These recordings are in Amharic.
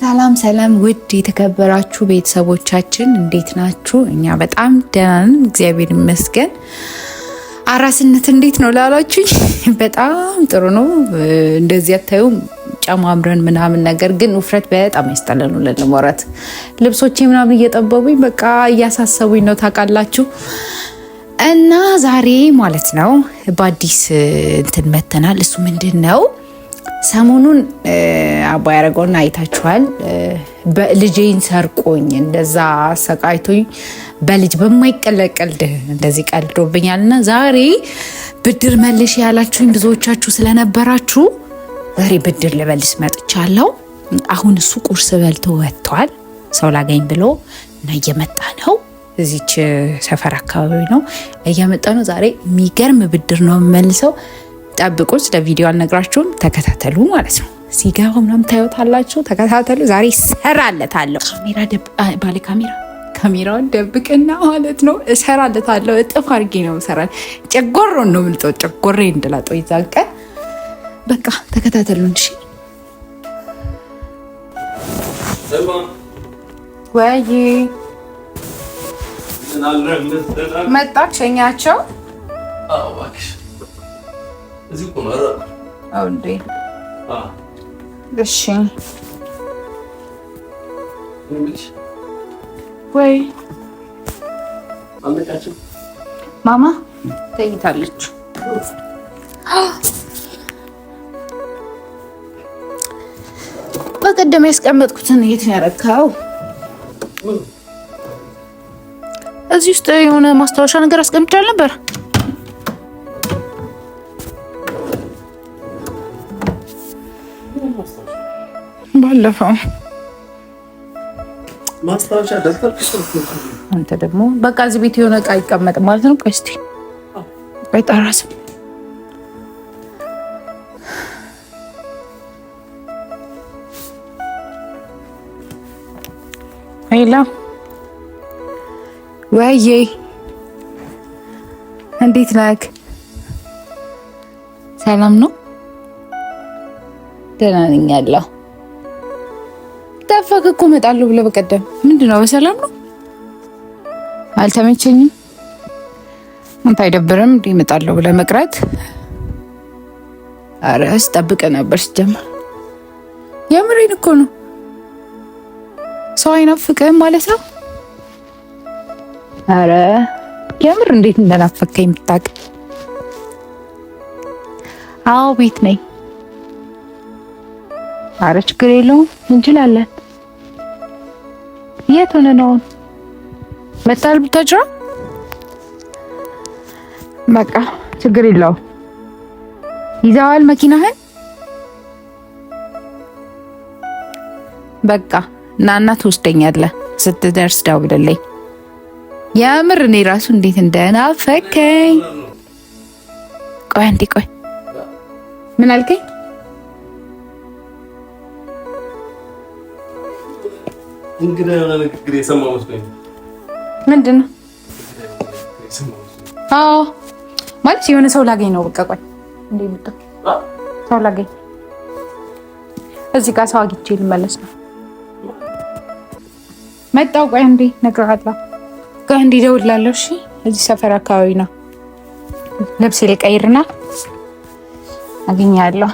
ሰላም ሰላም፣ ውድ የተከበራችሁ ቤተሰቦቻችን እንዴት ናችሁ? እኛ በጣም ደህና ነን፣ እግዚአብሔር ይመስገን። አራስነት እንዴት ነው ላላችሁኝ፣ በጣም ጥሩ ነው። እንደዚህ አታዩም ጨማምረን ምናምን፣ ነገር ግን ውፍረት በጣም ያስጠላል። ለማውራት ልብሶቼ ምናምን እየጠበቡኝ በቃ እያሳሰቡኝ ነው ታውቃላችሁ። እና ዛሬ ማለት ነው በአዲስ እንትን መተናል። እሱ ምንድን ነው ሰሞኑን አቦ ያደረገውን አይታችኋል። ልጄን ሰርቆኝ እንደዛ አሰቃይቶኝ በልጅ በማይቀለቀል እንደዚህ ቀልዶብኛል እና ዛሬ ብድር መልሽ ያላችሁኝ ብዙዎቻችሁ ስለነበራችሁ ዛሬ ብድር ልበልስ መጥቻለሁ። አሁን እሱ ቁርስ በልቶ ወጥቷል ሰው ላገኝ ብሎ እና እየመጣ ነው። እዚች ሰፈር አካባቢ ነው እየመጣ ነው። ዛሬ የሚገርም ብድር ነው የምመልሰው ጠብቁት። ለቪዲዮ አልነግራችሁም፣ ተከታተሉ ማለት ነው። ሲገባ ምናምን ታዩታላችሁ። ተከታተሉ። ዛሬ ይሰራለታለሁ። ካሜራ ባለ ካሜራ ካሜራውን ደብቅና ማለት ነው እሰራለታለሁ። እጥፍ አድርጌ ነው ሰራል። ጨጎሮን ነው ምልጦ ጨጎሬ እንድላጦ ይዛን ቀን በቃ ተከታተሉ እንጂ ወይ መጣ ሸኛቸው እዚህ እኮ ነው አዎ እንዴ? አዎ። እሺ ወይ አመጣችሁ? ማማ ተኝታለች። በቀደም ያስቀመጥኩትን የት ነው ያረካው? እዚህ ውስጥ የሆነ ማስታወሻ ነገር አስቀምጫል ነበር። ባለፈው ማስታወሻ ደብተር አንተ ደግሞ በቃ እዚህ ቤት የሆነ እቃ ይቀመጥ ማለት ነው። ቆይ እስኪ ቆይ ጠራስ ወይዬ እንዴት ነህ? ሰላም ነው? ደህና ነኝ ጠፋክ እኮ እመጣለሁ ብለህ በቀደም ምንድን ነው? በሰላም ነው? አልተመቸኝም። አንተ አይደብርም እንዴ? እመጣለሁ ብለህ መቅረት። አረ ስጠብቅህ ነበር ሲጀመር። የምሬን እኮ ነው። ሰው አይናፍቅህም ማለት ነው? አረ የምር እንዴት እንደናፈከኝ የምታውቅ። አዎ ቤት ነኝ። አረ ችግር የለውም እንችላለን። የት ሆነ ነው መታል ብታጅራ በቃ ችግር የለው። ይዘዋል መኪናህን። በቃ ናና ትወስደኛለህ። ስትደርስ ደውልልኝ። የምር እኔ ራሱ እንዴት እንደናፈከኝ። ቆይ አንዴ ቆይ፣ ምን አልከኝ? እንግዳ የሆነ ንግግር የሰማሁ መስሎኝ ምንድን ነው? አዎ ማለት የሆነ ሰው ላገኝ ነው። በቃ ቆይ ሰው ላገኝ እዚህ ጋር ሰው አግኝቼ ልመለስ ነው መጣሁ። ቆይ እንዴ እነግርሃለሁ። ቆይ እንዴ እደውልልሃለሁ። እሺ እዚህ ሰፈር አካባቢ ነው። ልብስ ልቀይርና አገኛለሁ።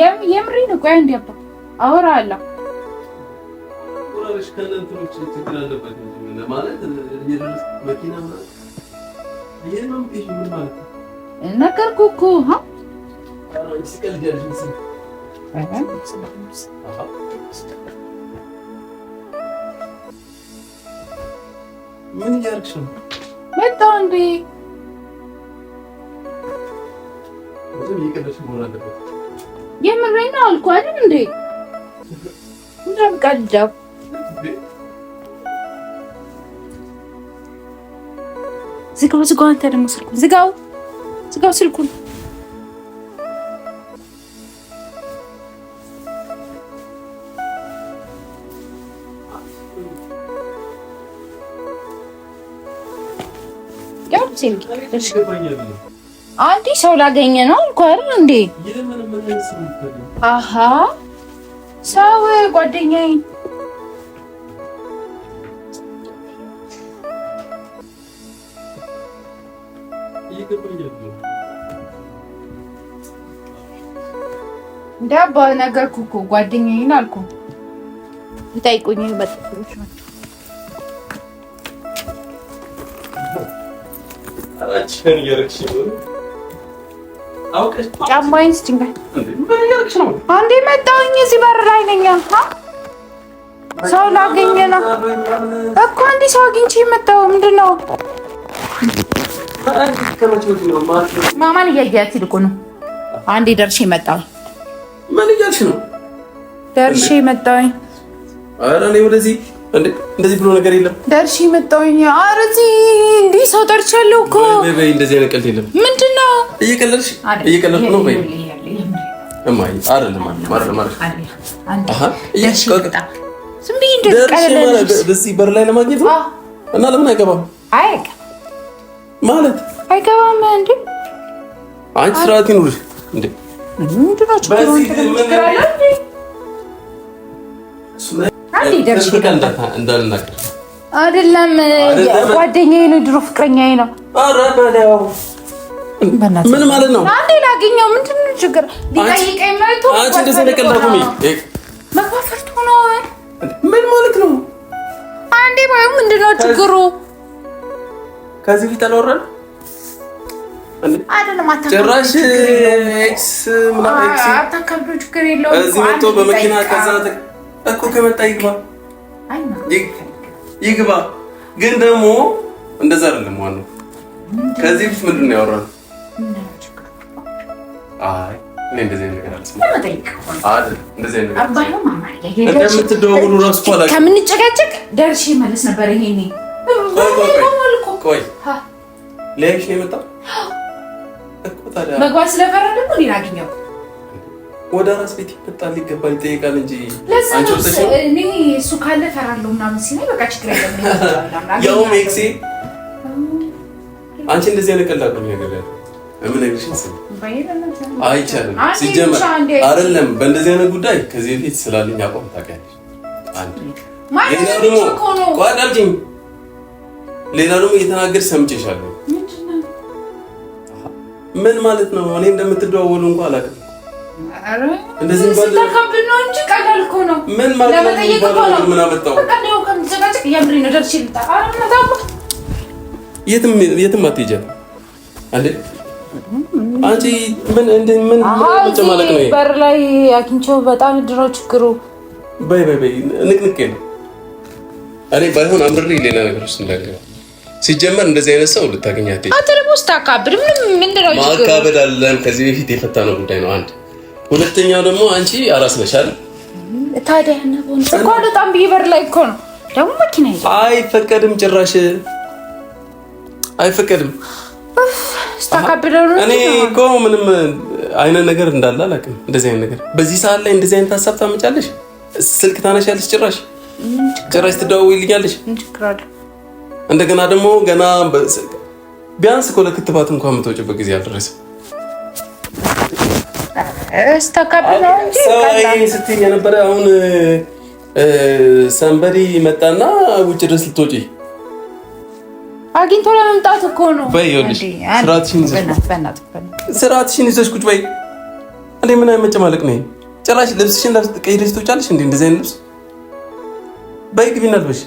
የምሪ ነው። ቆይ አንዴ አባ አወራ አለ ወራሽ ከነንትሮች ችግር አለበት ማለት መኪና ነገርኩህ እኮ ምን እያደረግሽ ነው? መጣሁ እንዴ? ይቅርሽ መሆን አለበት የምሬን ነው አልኩህ አይደል እንዴ? እንደምቀልደው ዝጋው፣ ዝጋው። አንተ ደግሞ ስልኩን ዝጋው፣ ዝጋው ስልኩን አንዴ ሰው ላገኘ ነው አልኩህ አይደል እንዴ? አሀ ሰው ጓደኛዬ እንዳባ ነገርኩህ እኮ ጓደኛዬን አልኩህ። ይጠይቁኝ በጥፍሮች ናቸው ጫማዬን ስጭንቀኝ። አንዴ መጣሁኝ። እዚህ በር ላይ ነኝ። ሰው ላገኘ ነው እኮ አንዴ ሰው አግኝቼ መጣሁ። ምንድን ነው ማማን እያያት ይልቁ ነው። አንዴ ደርሼ መጣሁኝ። ምን እያልሽ ነው? ደርሼ መጣሁኝ። ኧረ እኔ ወደዚህ እንደዚህ ብሎ ነገር የለም። ደርሽ መጣውኝ። ኧረ እንዲህ ሰው ጠርቻለሁ እኮ እንደዚህ አይነት ቀልድ የለም። ምንድን ነው እየቀለድሽ? እየቀለድኩ ነው ወይ? እማዬ አይደለም በዚህ በር ላይ ለማግኘት ነው እና ለምን አይገባም ማለት አይገባም። እንዴ? አንቺ ስርዓት ይኑርሽ። እንደ ምንድን ነው አይደለም ጓደኛዬ ነው፣ ድሮ ፍቅረኛዬ ነው። ምን ማለት ነው? አንዴ ላገኘው ምንድን ነው ችግር? ሊጠይቀኝ ነው። ምን ማለት ነው? አንዴ ባዩ ምንድን ነው ችግሩ? ከዚህ ፊት አላወራን ጭራሽ አታከብዱ። ችግር የለውም እዚህ መቶ በመኪና ከዛ እኮ ከመጣ ይግባ ይግባ። ግን ደግሞ እንደዛ አይደለም። ዋናው ከዚህ በፊት ምንድን ነው ያወራነው? አይ እኔ እንደዚህ ነገር እንደምትደዋወሉ እራሱ እኮ አላውቅም። ከምንጨቃጨቅ ደርሼ መለስ ነበር። ይሄኔ ቆይ ለያይሽ ነው የመጣው መግባት ስለፈራ ደግሞ እኔን ወደ ራስ ቤት ይመጣል ይገባል ይጠይቃል እንጂ እኔ እሱ ካለ እፈራለሁ ምናምን ሲለኝ በቃ ችግር የለም ያው ሜክሲ አንቺ እንደዚህ አይነት ቀላል ነው የሚያገባል እምነግርሽን ስል አይቻልም ሲጀመር አይደለም በእንደዚህ አይነት ጉዳይ ከዚህ በፊት ስላለኝ አቋም ታውቂያለሽ አንድ ሌላ ደግሞ ቋዳልኝ ሌላ ደግሞ እየተናገርሽ ሰምቼሻለሁ ምን ማለት ነው እኔ እንደምትደዋወሉ እንኳን አላውቅም አንቺ ምን እንደ ምን ማለት ነው? በር ላይ አግኝቼው በጣም ድሮ ችግሩ በይ በይ በይ ንቅንቄ ነው። እኔ ባይሆን አምርልኝ ሌላ ነገር ውስጥ እንዳልገባ ሲጀመር እንደዚህ አይነት ሰው ልታገኛት አትልም። ውስጥ አካብድ ምንም ምንድነው ማካበድ አለን ከዚህ በፊት የፈታ ነው ጉዳይ ነው አንድ ሁለተኛው ደግሞ አንቺ አራስ ነሽ አይደል? ታዲያ እና እኮ በጣም ቢበር ላይ እኮ ነው ደግሞ መኪና ይዘ አይፈቀድም፣ ጭራሽ አይፈቀድም። እኔ እኮ ምንም አይነት ነገር እንዳለ አላውቅም። እንደዚህ አይነት ነገር በዚህ ሰዓት ላይ እንደዚህ አይነት ሀሳብ ታመጫለሽ? ስልክ ታነሻለሽ፣ ጭራሽ ጭራሽ ትደዋወይልኛለሽ። እንደገና ደግሞ ገና ቢያንስ እኮ ለክትባት እንኳን የምትወጪበት ጊዜ አልደረሰም። ስትይኝ የነበረ አሁን ሰንበሪ መጣና ውጭ ድረስ ልትወጪ አግኝቶ ለመምጣት እኮ ነው። ስርዓትሽን ይዘሽ ቁጭ በይ። እንዴ ምን አይነት መጨማለቅ ነው? ጭራሽ ልብስሽን ቀይረሽ ትወጫለሽ እንዴ? እንደዚህ አይነት ልብስ በይ ግቢና ልበሽ።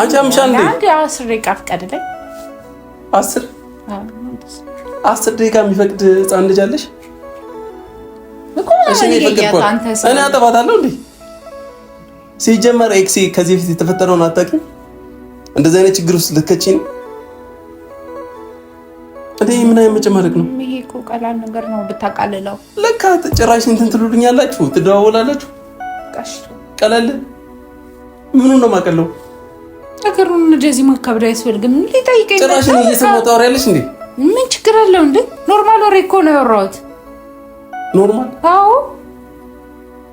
አንቺ አምሻ እንዴ አስር አስር ደቂቃ የሚፈቅድ ህፃን ልጅ አለሽ? እኔ አጠፋታለሁ እንዴ? ሲጀመር ኤክሲ ከዚህ በፊት የተፈጠረውን አታውቂም? እንደዚህ አይነት ችግር ውስጥ ልከቺ ነው እንዴ? ምን አይነት መጨማለቅ ነው? ይሄ እኮ ቀላል ነገር ነው ብታቃልለው። ለካ ጭራሽ እንትን ትሉልኛላችሁ፣ ትደዋወላላችሁ። ቀለል ምኑ ነው ማቀለው? ነገሩን እንደዚህ ማካብድ አያስፈልግም። ሊጠይቀኝ ጭራሽ እየሰማሁ ታወሪያለሽ እንዴ? ምን ችግር አለው እንዴ? ኖርማል ወሬ እኮ ነው ያወራሁት። ኖርማል? አዎ።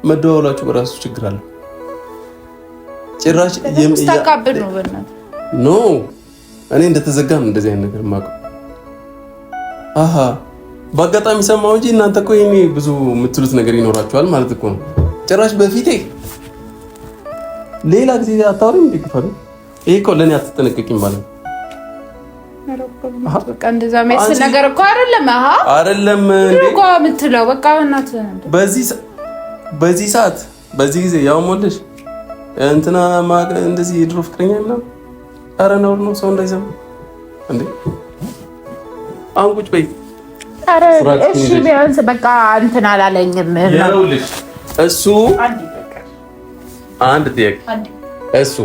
መደዋወላችሁ በራሱ ችግር አለው። ጭራሽ የምስታቃብድ ነው። በእናትህ ኖ እኔ እንደተዘጋም እንደዚህ አይነት ነገር ማቀ አሃ በአጋጣሚ ሰማሁ እንጂ እናንተ እኮ ይሄኔ ብዙ የምትሉት ነገር ይኖራችኋል ማለት እኮ ነው። ጭራሽ በፊቴ ሌላ ጊዜ አታወሪም። ይሄ እኮ ለእኔ አትጠነቀቂም ማለት ነው። እንደዛ የሚያስብል ነገር በዚህ ሰዓት በዚህ ጊዜ ያው ሞልሽ እንትና እንደዚህ የድሮ ፍቅረኛ ነው። ኧረ ነውር ነው ሰው እንዳይሰማ እንዴ። አሁን ቁጭ በይ። ኧረ እሺ ቢያንስ በቃ እንትን አላለኝም። ይኸውልሽ እሱ አንድ ጥያቄ እሱ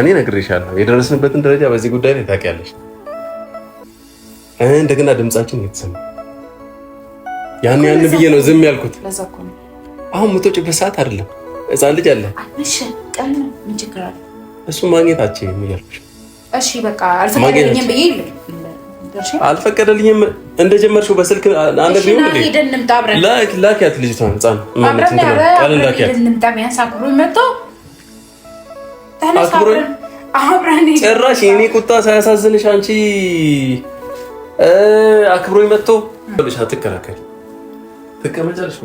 እኔ እነግርሻለሁ የደረስንበትን ደረጃ በዚህ ጉዳይ ላይ ታውቂያለሽ። እንደገና ድምጻችን የተሰማ ያን ያን ብዬ ነው ዝም ያልኩት። አሁን የምትወጪበት ሰዓት አይደለም። ሕፃን ልጅ አለ እሱ ማግኘት አቸ የሚያልኩሽ አልፈቀደልኝም። እንደጀመርሽው በስልክ አንደ ቢሆን ላኪያት ልጅቷን ሕፃን አክብሮኝ ጭራሽ የኔ ቁጣ ሳያሳዝንሽ አንቺ አክብሮኝ መጥቶ አትከራከሪ፣ ትቀመጫለሽ።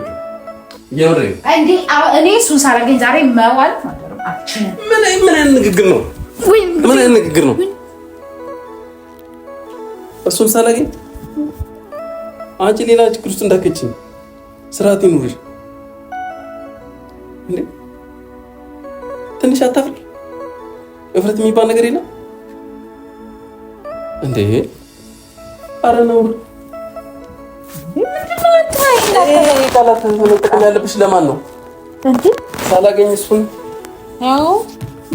እኔ እሱን ሳላገኝ ዛሬ መዋል ምን አይነት ንግግር ነው? ምን አይነት ንግግር ነው? እሱን ሳላገኝ አንቺ ሌላ ችግር ውስጥ ስርዓት ይኑርሽ። ትንሽ አታፍሪ እፍረት የሚባል ነገር የለም እንዴ? አረ ነው ያለብሽ ለማን ነው? ሳላገኝ እሱን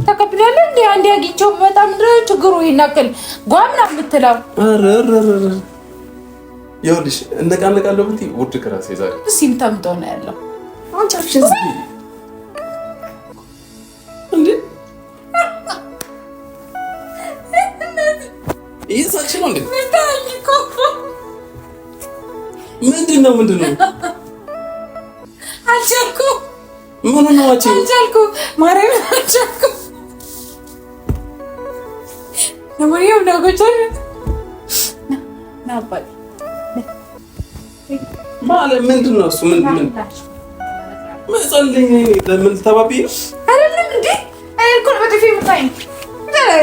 ተቀብላለሁ እንደ አንድ ያጌቸው በጣም ችግሩ ይናከል ጓምና የምትለው ይኸውልሽ፣ እነቃነቃለሁ ብትይ ውድ ክራሴ ዛሬ ሲምታምጠው ነው ያለው። አንቻችን እየሳቅሽ ነው እንዴ? ምንድን ነው ምንድን ነው? አልቻልኩም። ምን ነው አልቻልኩም፣ ማርያምን አልቻልኩም። ማለት ምንድን ነው እሱ? ምንድን መጸልኝ? ለምን ተባብዬ አይደለም እንዴ? እኔ እኮ በጥፊ የምታይኝ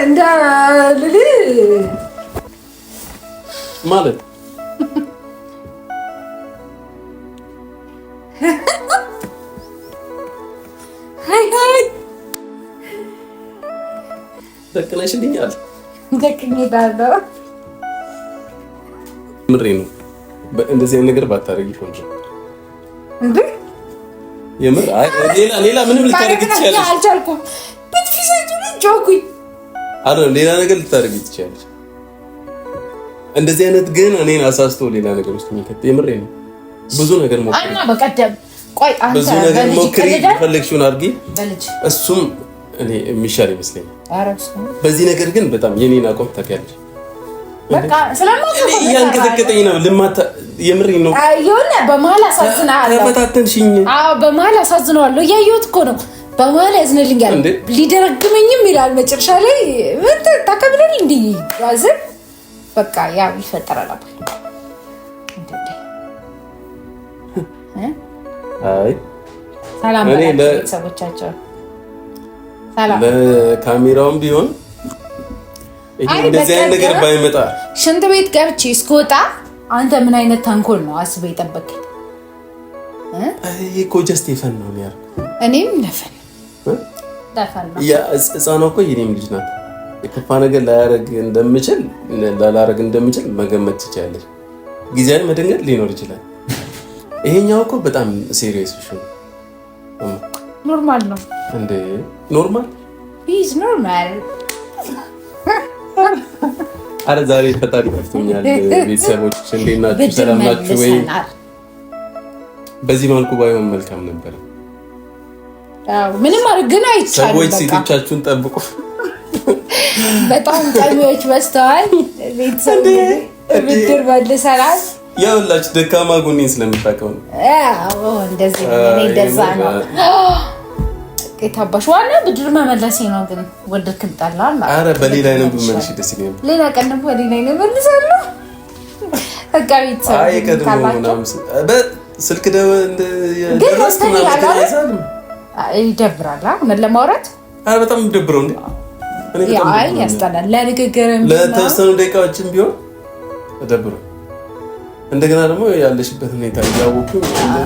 እንደ ልልህ ማለት ደቅነሽልኛል። ምሬ ነው። እንደዚህ አይነት ነገር ባታደርጊ ቆንጆ። የምር ሌላ ሌላ ምንም ልታደርጊ ትችያለሽ። ሌላ ነገር ልታደርጊ ትችያለሽ። እንደዚህ አይነት ግን እኔን አሳስቶ ሌላ ነገር ውስጥ የሚከት የምሬ ነው። ብዙ ነገር ሞክሪ፣ ብዙ ነገር ሞክሪ፣ የፈለግሽውን አድርጊ። እሱም እኔ የሚሻል ይመስለኛል። በዚህ ነገር ግን በጣም የኔን አቋም ታውቂያለሽ። እያንቀጠቀጠኝ ነው ልማታ የምሬ ነው። የሆነ በመሀል አሳዝነዋለሁ፣ ተፈታተንሽኝ። አዎ በመሀል አሳዝነዋለሁ፣ እያየሁት እኮ ነው። በመሀል ያዝንልኛል፣ ሊደረግመኝም ይላል። መጨረሻ ላይ ታከብለል እንዲህ ዝም በቃ ያው ይፈጠራል። ሰላም ቤተሰቦቻቸው ለካሜራውም ቢሆን እንደዚህ ነገር ባይመጣ ሽንት ቤት ገብቼ እስከወጣ አንተ ምን አይነት ተንኮል ነው አስበህ የጠበቀኝ? እኮ ጀስት የፈን ነው እኔም ለፈን ህፃኗ እኮ የኔም ልጅ ናት። የከፋ ነገር ላያረግ እንደምችል ላላረግ እንደምችል መገመት ትችላለች። ጊዜያዊ መደንገጥ ሊኖር ይችላል። ይሄኛው እኮ በጣም ሲሪየስ ሹ ኖርማል ነው እንዴ? ኖርማል ኢዝ ኖርማል። አረ ዛሬ ፈጣሪ ከፍቶኛል። ቤተሰቦች እንዴት ናችሁ? ሰላም ናችሁ ወይ? በዚህ መልኩ ባይሆን መልካም ነበረ። ምንም አድርግ ግን አይቻልም። ሰዎች ሴቶቻችሁን ጠብቁ። በጣም ቀሚዎች በስተዋል። ቤተሰብ ብድር መልሰናል። ያውላችሁ ደካማ ጎኔን ስለምታውቀው ነው። እንደዚህ ነው። የታባሽ ዋና ብድር መመለሴ ነው። ግን ወደድክ ምጣላል። በሌላ አይነት መልሽ። ደስ ይለኛል። ሌላ ቀን ደግሞ በሌላ አይነት መልሳለሁ። በቃ ቤተሰብ አይ ስልክ ደውል ይደብራል። ምን ለማውራት በጣም ደብረው እንዴ ያስጠላል። ለንግግርም ለተወሰኑ ደቂቃዎችም ቢሆን ተደብሮ እንደገና ደግሞ ያለሽበት ሁኔታ እያወቁ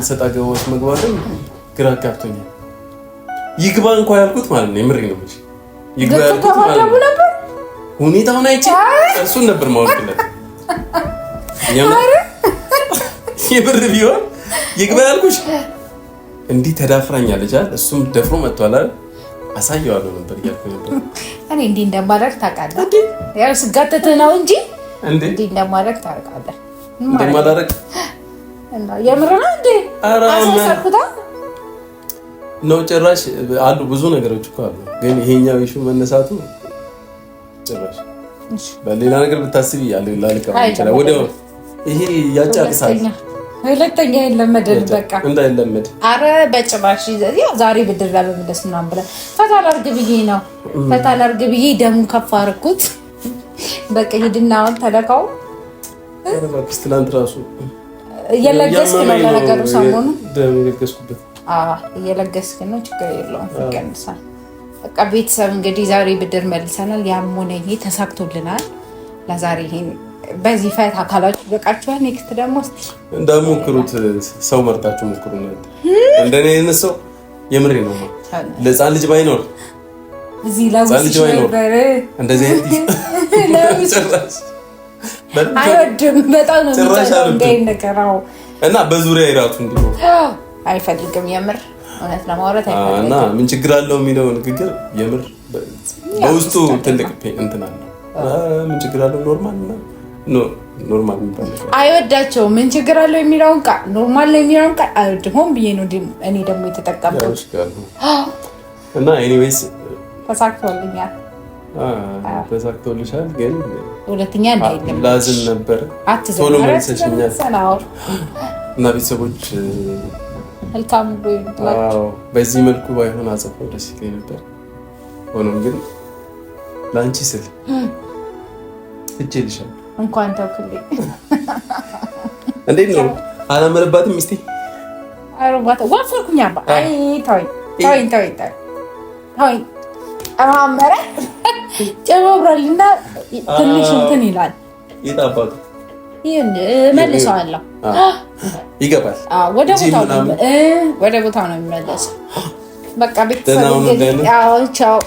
ሰጣ ገባዎች መግባትም ግራ ጋብቶኛል። ይግባ እንኳ ያልኩት ማለት ነው። የምሬ ነው እንጂ ይግባ ያልኩት ማለት ነው። ሁኔታውን አይቼ እርሱን ነበር ማወቅለት የምር ቢሆን ይግባ ያልኩሽ እንዲህ ተዳፍራኛለች አይደል? እሱም ደፍሮ መጥቷል አይደል? አሳየዋለሁ ነበር እያልኩ ነበር። እኔ እንዲህ እንደማደርግ ታውቃለህ። ያው ስጋትትህ ነው እንጂ እንዲህ እንደማደርግ ታውቃለህ። እንደማደርግ የምር ነው እንዴ? አሳሰርኩታ ነው ጭራሽ። አሉ ብዙ ነገሮች እኮ አሉ፣ ግን ይሄኛው ይሹ መነሳቱ ጭራሽ በሌላ ነገር ብታስብ እያለ ላልቀ ይችላል። ወደ ይሄ ያጫቅሳል ሁለተኛ የለመድን በቃ እንዳይለመድ። አረ በጭራሽ ያው ዛሬ ብድር ለመመለስ ምናምን ብለን ፈታ ላድርግ ብዬ ነው ፈታ ላድርግ ብዬ ደሙን ከፍ አርኩት። በቃ ሂድና አሁን ተለካው ትናንት ራሱ እየለገስክ ነው ለነገሩ፣ ሰሞኑን እየለገስክ ነው። ችግር የለውም ይቀንሳል። በቃ ቤተሰብ እንግዲህ ዛሬ ብድር መልሰናል። ያም ሆነ ይሄ ተሳክቶልናል። ለዛሬ ይሄን በዚህ ፈታ ካላችሁ በቃችኋል። ኔክስት ደግሞ እስኪ እንዳትሞክሩት ሰው መርታችሁ ሞክሩ። እንደኔ አይነት ሰው የምሬ ነው። ለህፃን ልጅ ባይኖር እዚህ ላውስሽ ነበር። እንደዚህ አይወድም በጣም ነው የሚጠላው። እና በዙሪያ ይራቱ እንዲሁ አይፈልግም። የምር እውነት ለማውራት እና ምን ችግር አለው የሚለው ንግግር የምር በውስጡ ትልቅ እንትን አለ። ምን ችግር አለው ኖርማል ኖርማል አይወዳቸው ምን ችግር አለው የሚለውን ቃል ኖርማል ነው የሚለውን ቃል አይወድም። ሆን ብዬ ነው እኔ ደግሞ የተጠቀምኩት እና ኤኒዌይስ ተሳክቶልኛል። ተሳክቶልሻል፣ ግን ሁለተኛ እንዳይለም ላዝን ነበር ቶሎ መልሰሽኛል። እና ቤተሰቦች መልካም በዚህ መልኩ ባይሆን አጽፈው ደስ ይለኝ ነበር። ሆኖም ግን ለአንቺ ስል እጄ ልሻል እንኳን ተውክልኝ። እንዴት ነው አላመረባትም ሚስቴ ዋፈርኩኝ። አባ ተወኝ ተወኝ ተወኝ ተወኝ። አማመረ ጨባብራልና ትንሽ እንትን ይላል። ይጣባቱ መልሰዋለሁ። ይገባል። ወደ ቦታው ነው ወደ ቦታው ነው የሚመለሰው። በቃ ቤተሰብ ቻው